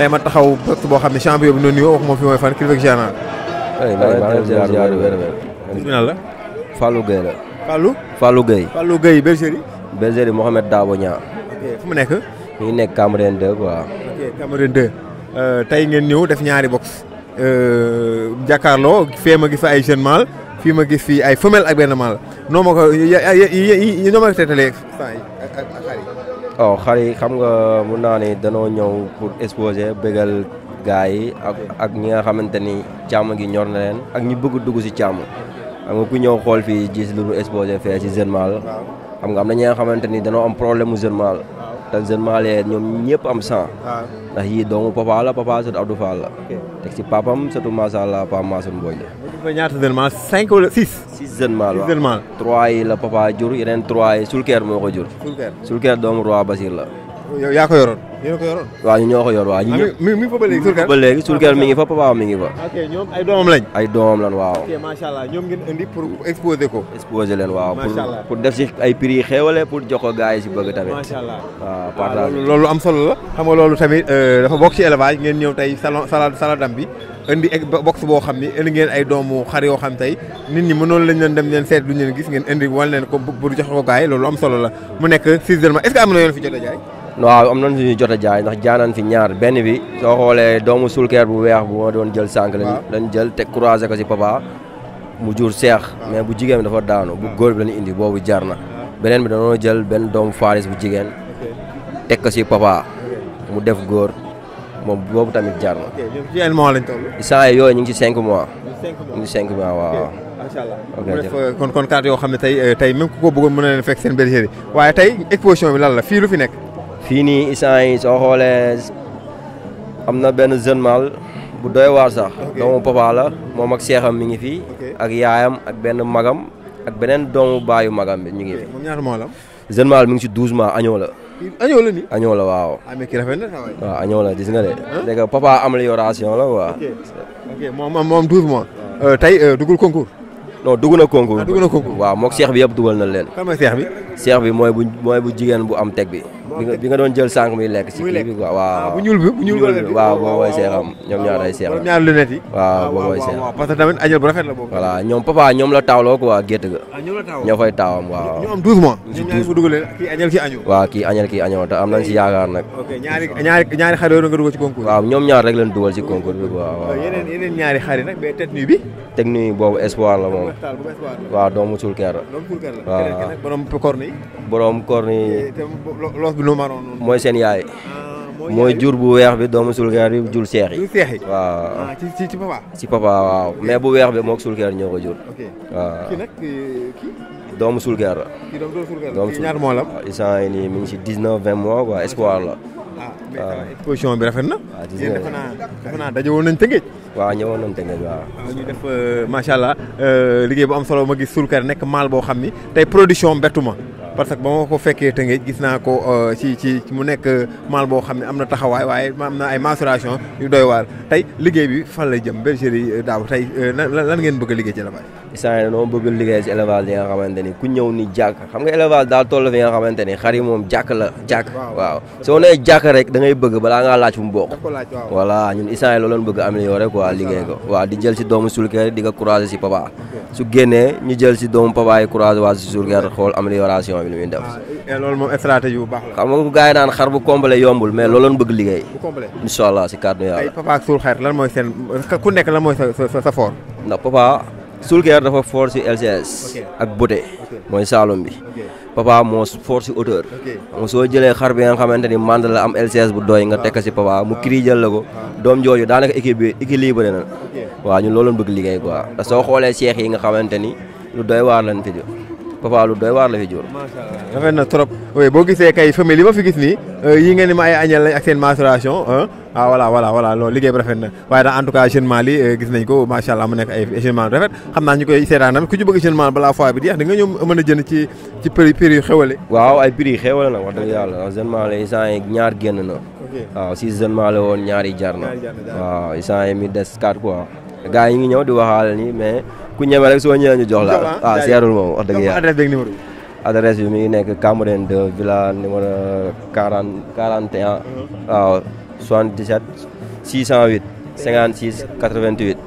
tey ma taxaw boo xam ne champion bi noonu yoo wax moom fi mooy fan kilifa général. waaw la. Fallou Gueye la. Fallou. Fallou Gueye. Fallou Gueye bergerie. bergerie Mohamed Dabo fu mu nekk. mi ngi nekk Cameroun 2 tey ngeen ñëw def ñaari box. jàkkaarloo fee ma gis fa ay jeune mâle fii ma gis fii ay femelle ak benn mâle noo ma ko yi ma ko teetalee ak waaw oh, xale yi xam nga mun naa ne danoo ñëw pour exposer bégal gars yi ak ak ñi nga xamante ni càmm gi ñor na leen ak ñu bëgg dugg si càmm xam nga ku ñëw xool fii gis lu ñu exposé fee si jeune mal xam nga am na ñi nga xamante ni danoo am problème mu jeune mal te jeune mal yee ñoom ñëpp am sang ah. ndax yii doomu papa la papa sut Abdou Fall la teg si papam surtout macha allah papa Massoum Mbodj ba ñaata jeunes mâles cinq wala six. six trois yi la papa jur yeneen trois yi Soulker moo ko jur. Soulker Soulker doomu roi Basir la. yow yaa ko yoroon. yéen a ko yoroon. waaw ñu ñoo ko yor waaw. Ah, mi mi fa ba léegi surkel. ba léegi surkel mi ngi fa papa mi ngi fa. ok ñoom ay doomam lañ. ay doomam lañ waaw. ok macha allah ñoom ngeen indi pour exposer ko. exposer leen waaw pour pour def si ay prix yu xéwale pour jox ko gars yi si bëgg tamit. macha allah waaw ah, partage loolu am solo la. xam nga loolu tamit euh, dafa bokk ci élevage ngeen ñëw tey salon salade saladam bi. indi egg box boo xam ni indi ngeen ay doomu xar yoo xam tey nit ñi mënoon lañ leen dem leen seet lu ñu leen gis ngeen indi wan leen ko pour jox ko gaay loolu am solo la mu nekk 6 est-ce que am na yoon fi jot a jaay waaw am nañ fi jot a jaay ndax jaanan fi ñaar benn bi soo xoolee doomu sulkeer bu weex bu ma doon jël sànq lañ lañ jël te croisé ko si papa mu jur seex mais bu jigéen bi dafa daanu bu góor bi lañ indi boobu jar na beneen bi dañoo jël benn doomu faaris bu jigéen teg ko si papa mu def góor moom boobu tamit jar na. ok lañ toll. saa yooyu ñu ngi ci mois. ñu ngi 5 mois waaw waaw. macha allah mu euh, kon kon carte yoo xam ne tey euh, tey même ko bëggoon mën na leen fekk seen bergerie waaye tey exposition bi lan la fii lu fi nekk. fii nii instant yi soo xoolee am na benn jeune mâle bu doy waar sax doomu papa la moom ak seexam mi ngi fii ak yaayam ak benn magam ak beneen doomu baayu magam bi ñu ngi fi jeune mâle mi ngi si douze mois añoo la añoo la nii añoo la waaw ah, waaw añoo la gis nga de dégg papa amélioration la quoi moom moom douze mois euh, tey euh, dugul concours non dugg na concours ah, dugg na concours waaw mook seex bi yëpp dugal na leen seex bi cheikh bi moy bu mooy bu jigen bu am tek bi bi nga don jël sank mi lek ci kii bi waaw ah, bu ñul bu ñul bi waaw boobu mooy seexam ñom ñaar ay cheikh ñaar lunette yi waaw way cheikh waaw parce que tamit añal bu rafet la bokk wala ñom papa ñom la tawlo quoi gette ga ah, ñom la ñoo fay tawam waaw ñom 12 mois ñu ñu mu dugalee kii añal kii añu waaw ki añal ki añu ta am nañ ci yaakaar nak ok ñaari ñaari ñaari xar nga duggal ci concours waaw ñom ñaar rek lañ duggal ci concours bi quoi waaw yeneen yeneen ñaari xar nak be tête nuit bi nuit bobu espoir la mom waaw doomu doomu sulkeer la waaw borom corne iya, loos bi lu maroon non moy sen yaay ah, moy jur bu wex bi doomu sulkeer bi jul cheikh yi waaw ah, ci ci papa ci papa waaw mais bu wex bi mok sulkeer ñoo ko jur waaw ki nak ki doomu sulkeer la ki doomu sulkeer la ki ñaar moo la instant yi nii mi ngi ci 19 20 mois quoi espoir la ah position ah. bi rafet na yéen defe naa defe naa daje woon nañ tëngéej waaw ñëwoon nañ tëngéej waaw ñu def eh, machallah euh liggéey bu am solo ma gis sulkar nek mal bo xamni tay production bettuma parce que ba ma ko fekkee Tëngéej gis naa ko euh, ci ci mu nekk maal boo xam ne am na taxawaay waaye am na ay maturation yu doy waar tey liggéey bi fan la jëm bergerie euh, daaw tey la euh, lan ngeen bëgg a liggéey ci Lambaye isaan yi noonu bëgg liggéey si élevage yi nga xamante ni ku ñëw ni jàkk xam nga élevage daal toll fi nga xamante ni moom jàkk la jàkk waaw soo nee jàkk rek da ngay bëgg balaa ngaa laaj fu mu bokk voilà ñun isaan yi looloon bëgg améliorer quoi liggéey ko waaw di jël si doomu sulkeer di ko croiser si papa su génnee ñu jël si doomu papa yi croiser waa si sulkeer xool amélioration bi lu muy def ah, loolu moom stratégie bu xar bu complet yombul mais looloon bëgg liggéey incha allah si kàddu yàlla papa ak sulkeer lan mooy seen ku nekk lan mooy Soulker dafa fort si LCS. ak Bote. mooy Saalum bi. Papa moo fort si hauteur. ok soo jëlee xar bi nga xamante ni mand la am LCS bu doy nga ah. tekk si Papa mu kiri jël la ko. Ah. doom jooju daanaka équipe bi lii équilibré na. waaw ñun loolu bëgg liggéey quoi te soo xoolee seex yi nga xamante ni lu doy waar lañ fi Papa lu doy waar la fi jóor. macha rafet na trop oui boo gisee kay famille ma fi gis nii euh, yi ngeen ni ma ay añal lañ ak seen mensuration ah voilà voilà liggéey bi rafet na waaye daal en tout cas a Mali euh, gis nañ ko macha allah mu nekk naa ñu koy seetaan tamit bi di jeex da nga ñëw mën a jënd ci ci prix prix waaw ay prix yu xewale nag wax dëgg yàlla ñaar génn na. waaw si jeune Mali woon ñaar yi jar na. waaw instant yi mi des quatre quoi. gaa yi ngi ñëw di waxaale ni mais ku ñeme rek soo ñëwee ñu jox la waaw ah, seerul moom wax dëgg yàlla adresse bi mi ngi nekk Cambérène 2 villa numéro 40 41 uh-huh. waaw 77 608 56 88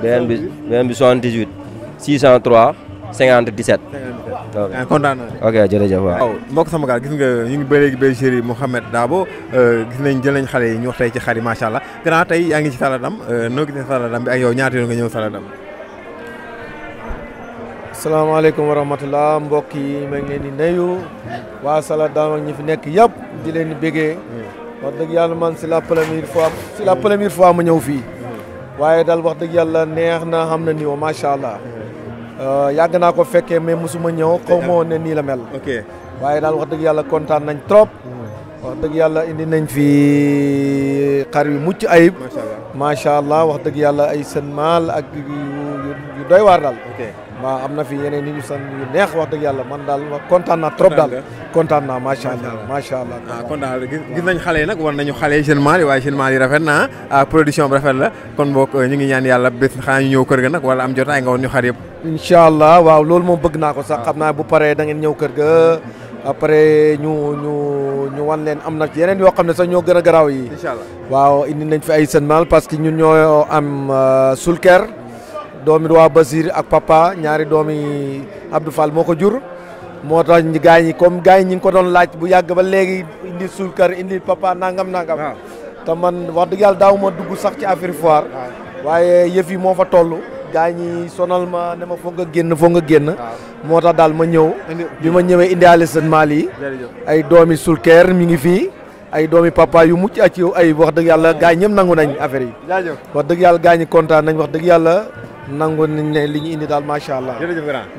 beneen bi beneen bi 78 603 57 kontaan ok jërëjëf waaw waaw mbokk sama gaal gis nga ñu ngi bëree bergerie Dabo eh, gis nañ jël nañ xale ñu wax ci xar yi macha allah gannaaw ngi ci saladam eh, noo gisee saladam bi ak yow ñaata yoon nga ñëw saladam salaamaaleykum wa rahmatulah mbokk yi ma ngi leen di nuyu waa saladam ak ñi fi nekk yëpp di leen di wax man la première fois la première fois ma hmm. wax neex na Euh, yàgg naa ko fekkee mais mosuma ñëw xaw ma woon ne nii la mel. ok waaye daal wax dëgg yàlla kontaan nañ trop. Hmm. wax dëgg yàlla indi nañ fi xar yu ayib. macha allah macha allah wax dëgg yàlla ay seen maal ak yu doy waar daal. waaw am na fi yeneen yu san yu neex wax man trop daal kontaan naa macha allah macha allah ah, kon daal gis nañ xale yi nag nañu xale yi rafet na ah, production bi rafet la kon boog euh, ñu ngi ñaan yàlla bés xanaa ñu kër ga nag wala am nga ñu incha allah waaw loolu moom bëgg naa ko sax xam naa bu pare da ngeen ñëw kër ga après ñu ñu ñu wan leen am na yeneen yoo xam ne sax ñoo gën a garaaw yi. incha allah waaw indi nañ fi ay sënmal parce que ñun ñoo am euh, sulker doomi waa Basir ak papa ñaari doomi Abdou Fall moo ko jur. moo tax gars yi comme gars yi ñi ngi ko doon laaj bu yàgg ba léegi indi sulker indi papa nangam nangam. te man wax dëgg yàlla daaw ma dugg sax ci affaire foire. waaye yëf yi moo fa toll. gaa ñi sonal ma ne ma foog nga génn foog nga génn. moo tax daal ma ñëw. bi ma ñëwee indiaale seen maal yi. ay doomi sulkeer mi ngi fii. ay doomi papa yu mucc ak yow ay wax dëgg yàlla gaa ñëpp nangu nañ affaire yi. wax dëgg yàlla gaa ñi kontaan nañ wax dëgg yàlla nangu nañ ne li ñu indi daal macha allah.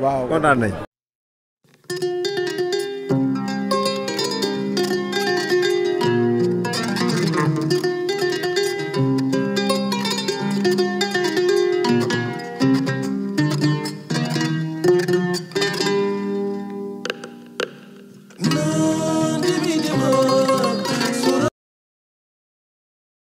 waaw kontaan nañ.